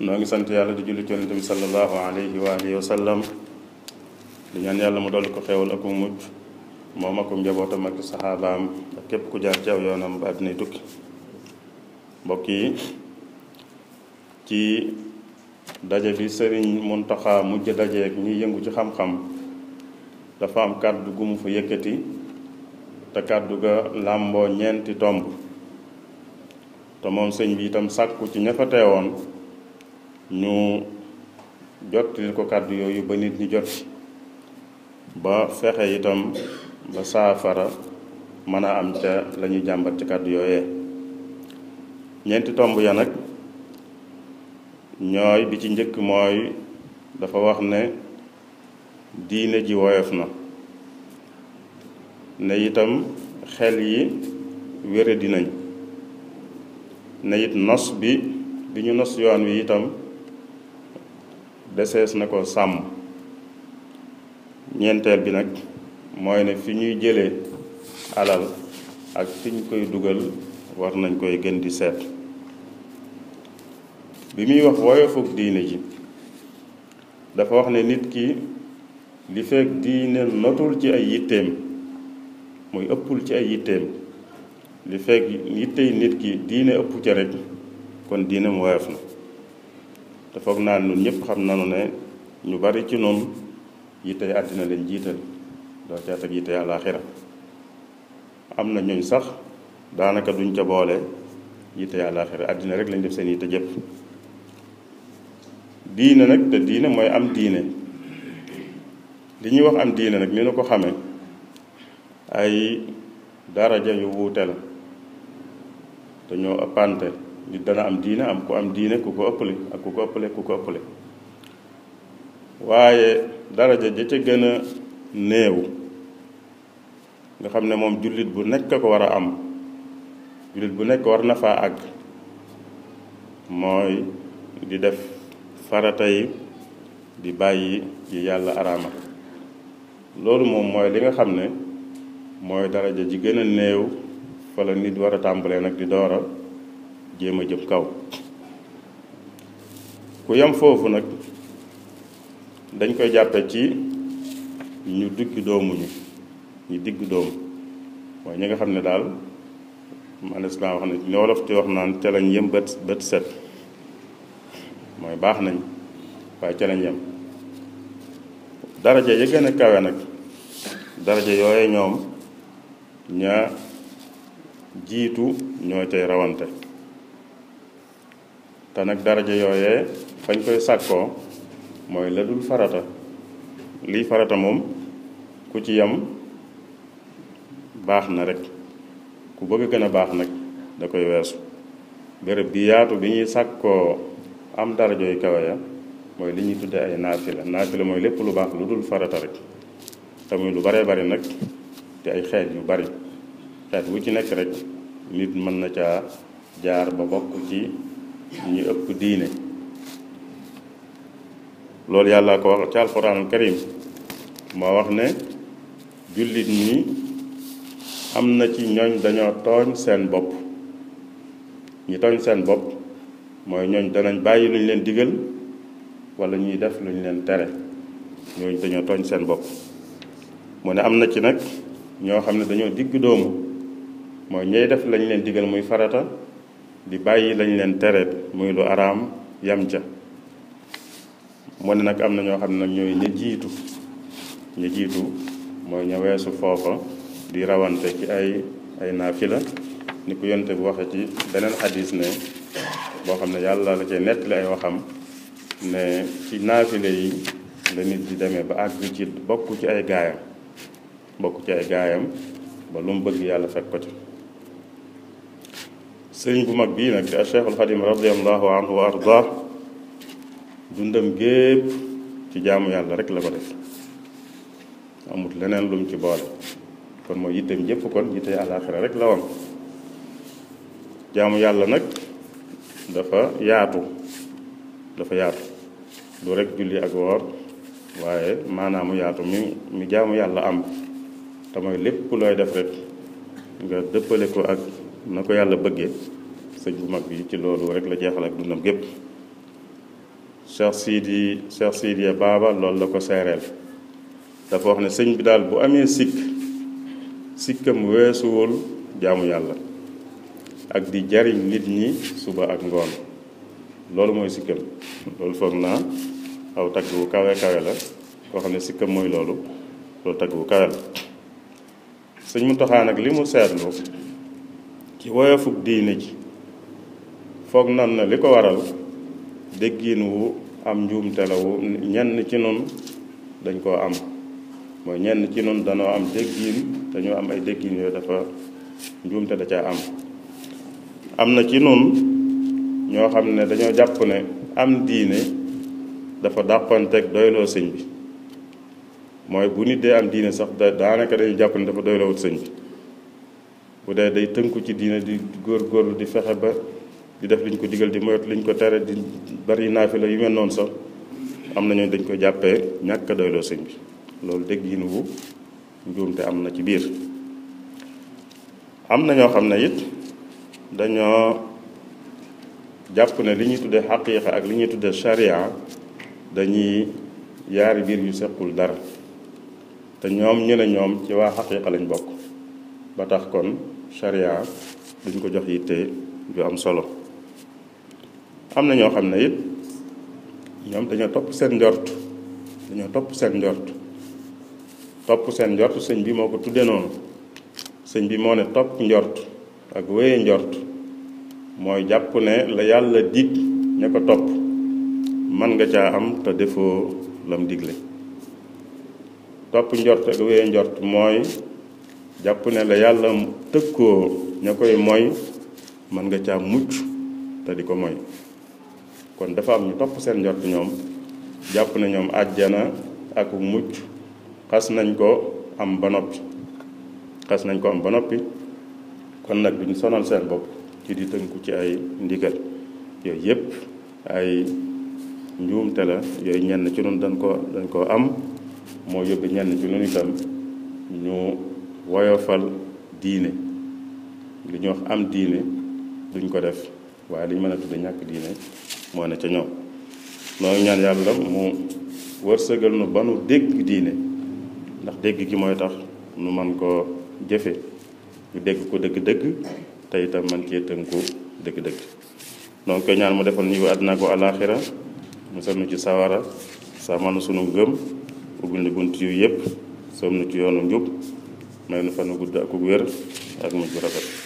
noo ngi sant yàlla di jullit yonente bi salallahu alayhi wa alihi wa sallam di ñaan yàlla mu dolli ko xewal ak mujj moom ak njabootam ak sahabaam ak képp ku jaar ci aw yoonam ba dinay tukki mbokk yi ci daje bi sëriñ muntaxa mujj dajeeg ñuy yëngu ci xam-xam dafa am kàddu gu mu fa yëkkati te kàddu ga làmboo ñeenti tomb te moom sëñ bi itam sàkku ci ña fa teewoon ñu jottali ko kàddu yooyu ba nit ñi jot ba fexe itam ba saafara mën a am ca la jàmbat ci kàddu yooyee ñeenti tomb ya nag ñooy bi ci njëkk mooy dafa wax ne diine ji woyof na ne itam xel yi wére dinañ ne it nos bi bi ñu nos yoon wi itam desees na ko sàmm ñeenteel bi nag mooy ne fi ñuy jëlee alal ak fi ñu koy dugal war nañ koy gën di seet bi muy wax woyofug diine ji dafa wax ne nit ki li fekk diine notul ci ay yitteem muy ëppul ci ay yitteem li fekk yittey nit ki diine ëpp ca rek kon diineem woyof na te foog naa ñun ñëpp xam nanu ne ñu bari ci noonu yittey àddina leen jiital doo caa teg yittey àllaaxira am na ñooñ sax daanaka duñ ca boole yittey àllaaxira àddina rek lañ def seen yitte jëpp diine nag te diine mooy am diine li ñuy wax am diine nag ni nu ko xamee ay daraja yu wuute la dañoo ëppante di dana am diine am ku am diine ku ko ëppale ak ku ko ëppale ku ko ëppale waaye daraja ja ca gëna néew nga xam ne moom jullit bu nekk ko war a am jullit bu nekk war na faa àgg mooy di def farata yi di bàyyi yi yàlla araama loolu moom mooy li nga xam ne mooy daraja ji gën néew fa la nit war a tàmbalee nag di doora jéem a jëm kaw ku yam foofu nag dañ koy jàppe ci ñu digg doomuñu ñu digg doomu waaye ñi nga xam ne daal manes laa wax ne li wolof di wax naan ca lañ bët set mooy baax nañ waaye ca lañ yem daraja yi gën kawe nag daraja yooye ñoom ña jiitu ñooy tey rawante te nag daraja yooyee fañ koy sàkkoo mooy la dul farata lii farata moom ku ci yam baax na rek ku bëgg gën a baax nag da koy weesu bërëb bi yaatu bi ñuy sàkkoo am daraja yu kawe ya mooy li ñuy tudde ay naafila naafila mooy lépp lu baax lu dul farata rek te muy lu baree bari nag te ay xeet yu bari xeet wu ci nekk rek nit mën na caa jaar ba bokk ci ñu ëpp diine loolu yàlla ko wax ci alxuraanul karim moo wax ne jullit ñi am na ci ñooñ dañoo tooñ seen bopp ñu tooñ seen bopp mooy ñooñ danañ bàyyi lu leen digal wala ñuy def luñu leen tere ñooñ dañoo tooñ seen bopp mu ne am na ci nag ñoo xam ne dañoo digg doomu mooy ñay def lañ leen digal muy farata di bàyyi lañ leen tereet muy lu araam yam ca mu ne nag am na ñoo xam ne nag ñooy ña jiitu ña jiitu mooy ña foofa di rawante ci ay ay naafila ni ko yonte bi waxe ci beneen xadis ne boo xam ne yàlla la cee nettali ay waxam ne ci naafile yi la nit di demee ba àgg ci bokk ci ay gaayam bokk ci ay gaayam ba lu mu bëgg yàlla fekk ko ci sëriñ bu mag bii nag di Cheikhul Xadim radiallahu anhu wa arda dundam gépp ci jaamu yàlla rek la ko def amut leneen lum ci boole kon mooy yitteem jëpp kon yitte àllaaxira rek la woon jaamu yàlla nag dafa yaatu dafa yaatu du rek julli ak woor waaye maanaamu yaatu mi mi jaamu yàlla am te mooy lépp looy def rek nga dëppale ko ak na ko yàlla bëggee sëñ bu mag bi ci loolu rek la jeexal ak dundam gépp Cheikh Sidi Cheikh Sidiya Baba loolu la ko seereel dafa wax ne sëñ bi daal bu amee sikk sikkam weesuwul jaamu yàlla ak di jariñ nit ñi suba ak ngoon loolu mooy sikkam loolu foog naa aw tagg bu kawe kawe la koo ne sikkam mooy loolu loolu tagg bu kawe la sëñ Muntaxa nag li mu seetlu ci woyofug diine ji foog nan na li ko waral déggiin wu am njuumte la wu ñenn ci nun dañ koo am mooy ñenn ci nun danoo am déggiin dañoo am ay déggiin yooyu dafa njuumte da caa am am na ci nun ñoo xam ne dañoo jàpp ne am diine dafa dàqanteeg doyloo sëñ bi mooy bu nit dee am diine sax da daanaka dañu jàpp ne dafa doyloo wut sëñ bi bu dee day tënku ci diine di góor góorlu di fexe ba di def liñ ko digal di moytu liñ ko tere di bari naa naafila yu mel noonu sax am na ñooñu dañ ko jàppee ñàkk a bi loolu dégg yi nuwu njuumte am na ci biir am na ñoo xam ne it dañoo jàpp ne li ñuy tuddee xaqiiqa ak li ñuy tuddee charia dañuy yaari biir yu sequl dara te ñoom ñu ne ñoom ci waa xaqiiqa lañ bokk ba tax kon charia duñ ko jox yitte ju am solo am na ñoo xam ne it ñoom dañoo topp seen njort dañoo topp seen njort topp seen njort sëñ bi moo ko tuddee noonu sëñ bi moo ne topp njort ak wéye njort mooy jàpp ne la yàlla dig ña ko topp mën nga caa am te defoo lam digle topp njort ak wéye jàpp ne la yàlla tëkkoo ña koy mooy mën nga caa mucc te di ko moy kon dafa am ñu topp seen njort ñoom jàpp na ñoom àjjana ak mucc xas nañ ko am ba noppi xas nañ ko am ba noppi kon nag ñu sonal seen bopp ci di tënku ci ay ndigal yooyu yépp ay njuumte la yooyu ñenn ci nun dañ ko dañ koo am moo yóbbu ñenn ci nun itam ñu woyofal diine li ñuy wax am diine duñ ko def waaye li ñu mën a tudde ñàkk diine moo ne ca ñoom noonu ñaan yàlla mu wërsëgal nu ba nu dégg diine ndax dégg gi mooy tax nu man koo jëfe ñu dégg ko dëgg-dëgg te itam man cee tënku dëgg-dëgg noonu koy ñaan mu defal ñu àdduna ko alaxira mu nu ci sawara sàmmal sunu gëm ubbil nu bunt yu yëpp soom ci yoonu njub may nu fan gudd ak wér ak ci rafet